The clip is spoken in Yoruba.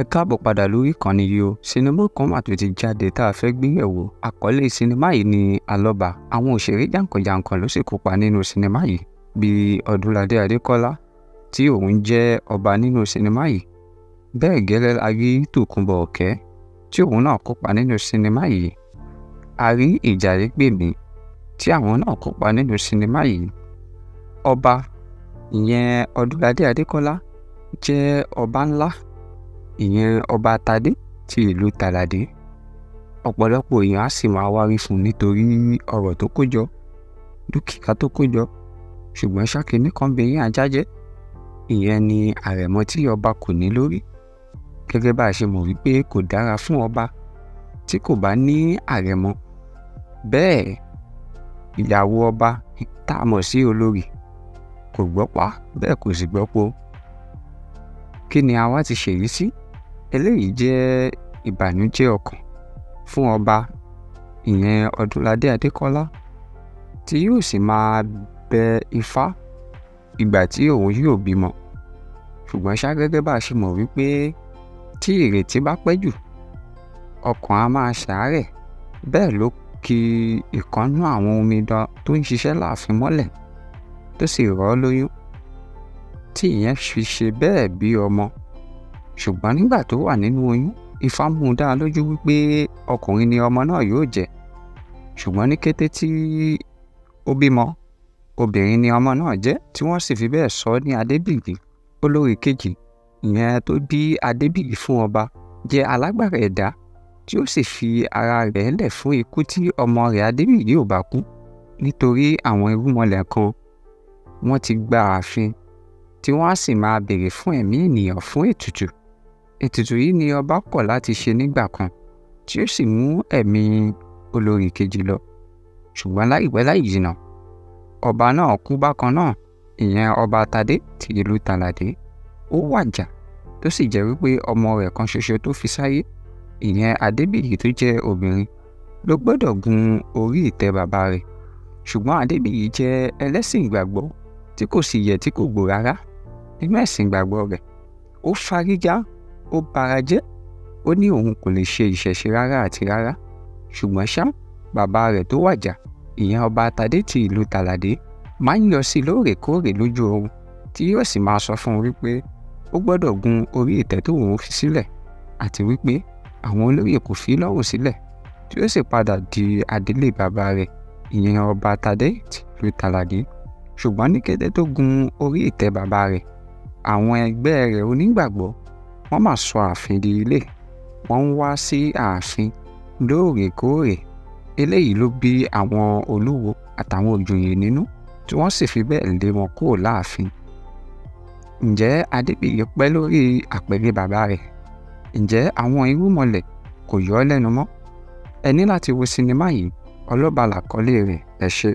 ẹ káàbọ̀ padà lórí ìkànnì yìí o sinimá kan wà tó ti jáde tá a fẹ́ gbéyẹ̀wò àkọlé sinimá yìí ni alọ́ba àwọn òṣèré jàǹkànjàǹkàn ló sì kópa nínú sinimá yìí bíi ọdúnládé adékọ́lá tí òun jẹ́ ọba nínú sinimá yìí bẹ́ẹ̀ gẹ́lẹ́ la rí tòkunbọ̀ ọ̀kẹ́ tí òun náà kópa nínú sinimá yìí a rí ìjàrẹ́gbèmí tí àwọn náà kópa nínú sinimá yìí ọba ìyẹn ọdúnládé adékọ́lá jẹ́ ọba ńlá ìyẹn ọba tadé ti ìlú tàlàdé ọ̀pọ̀lọpọ̀ èèyàn á sì máa wárí fún un nítorí ọ̀rọ̀ tó kó jọ dúkìá tó kó jọ ṣùgbọ́n ṣáké nìkan bẹ̀yìn àjájẹ́ ìyẹn ni àrẹ̀mọ tí ọba kò ní lórí gẹ́gẹ́ bá a ṣe mọ̀ wípé kò dára fún ọba tí kò bá ní àrẹ̀mọ bẹ́ẹ̀ ìyàwó ọba tá a mọ̀ sí olórí kò gbọ́pá bẹ́ẹ̀ kò sì gbọ́po kí ni àwa ti ṣèyí sí? Si? eléyìí jẹ́ ìbànújẹ́ ọkàn fún ọba ìyẹn ọdúnládé adékọlá tí yóò sì máa bẹ ifá ìgbà tí òun yóò bímọ ṣùgbọ́n ṣá gẹ́gẹ́ bá a ṣe mọ̀ wípé tí ìrètí bá pẹ́ jù ọkàn á máa ṣàárẹ̀ bẹ́ẹ̀ ló ki ìkànnú àwọn omidan tó ń ṣiṣẹ́ láàfin mọ́lẹ̀ tó sì rọ̀ lóyún tí ìyẹn fi ṣe bẹ́ẹ̀ bí ọmọ ṣùgbọ́n nígbà tó wà nínú oyún Ifá mú un dá lójú wípé ọkùnrin ni ọmọ náà yóò jẹ ṣùgbọ́n ní kété tí ó bímọ obìnrin ni ọmọ náà jẹ́ tí wọ́n sì fi bẹ́ẹ̀ sọ ní Adébíyì olórí kejì ìyẹn tó bí Adébíyì fún ọba jẹ́ alágbára ẹ̀dá tí ó sì fi ara rẹ̀ lẹ̀ fún ikú tí ọmọ rẹ̀ Adébíyì ò bá kú nítorí àwọn irúmọlẹ̀ kan wọ́n ti gba ààfin tí wọ́n á sì máa béèrè fún ẹ̀mí ènìyàn fún ètùtù. E ètùtù yìí ni ọba kọ̀ láti ṣe nígbà kan tí ó sì mú ẹ̀mí olórí kejì lọ ṣùgbọ́n láìpẹ́ láì jìnnà ọba náà kú bákan náà ìyẹn ọba tadé ti ìlú tàlàdé ó wàjà tó sì jẹ́ wípé ọmọ rẹ̀ kan ṣoṣo tó fi sáyé ìyẹn adébíyì tó jẹ́ obìnrin ló gbọ́dọ̀ gun orí ìtẹ́ bàbá rẹ̀ ṣùgbọ́n adébíyì jẹ́ ẹlẹ́sìn ìgbàgbọ́ tí kò sì yẹ tí kò gbò rárá nínú ẹ̀sìn ìgbàgbọ́ rẹ̀ ó farigá ó bara jẹ́ ó ní òun kò lè ṣe ìṣẹ̀ṣe rárá àti rárá ṣùgbọ́n ṣá bàbá rẹ̀ tó wàjà ìyẹn ọba àtàdé ti ìlú tàlàdé máa ń yọ sí i lóòrèkóòrè lójú oorun tí yóò sì máa sọ fún un wípé ó gbọ́dọ̀ gun orí ìtẹ́ tó òun fi sílẹ̀ àti wípé àwọn olóyè kò fi lọ́rùn sílẹ̀ tí ó sì padà di adélé bàbá rẹ̀ ìyẹn ọba àtàdé ti ìlú tàlàdé ṣùgbọ́n ní kété tó gun orí ìtẹ́ bàbá rẹ̀ àwọn ẹgbẹ́ rẹ̀ onígbàgbọ́ wọ́n mà sọ ààfin di ilé wọ́n ń wá sí ààfin lóòrèkóòrè eléyìí ló bí àwọn olúwo àtàwọn òjòyè nínú tí wọ́n sì fi bẹ́ẹ̀ lé wọn kúrò láàfin ǹjẹ́ adébíyí pẹ́ lórí àpèrè bàbá rẹ̀ ǹjẹ́ àwọn irúmọlẹ̀ kò yọ ọ́ lẹ́nu mọ́ ẹ ní láti wo sinimá yìí ọlọ́balà kọ́lé rẹ̀ ẹ ṣe.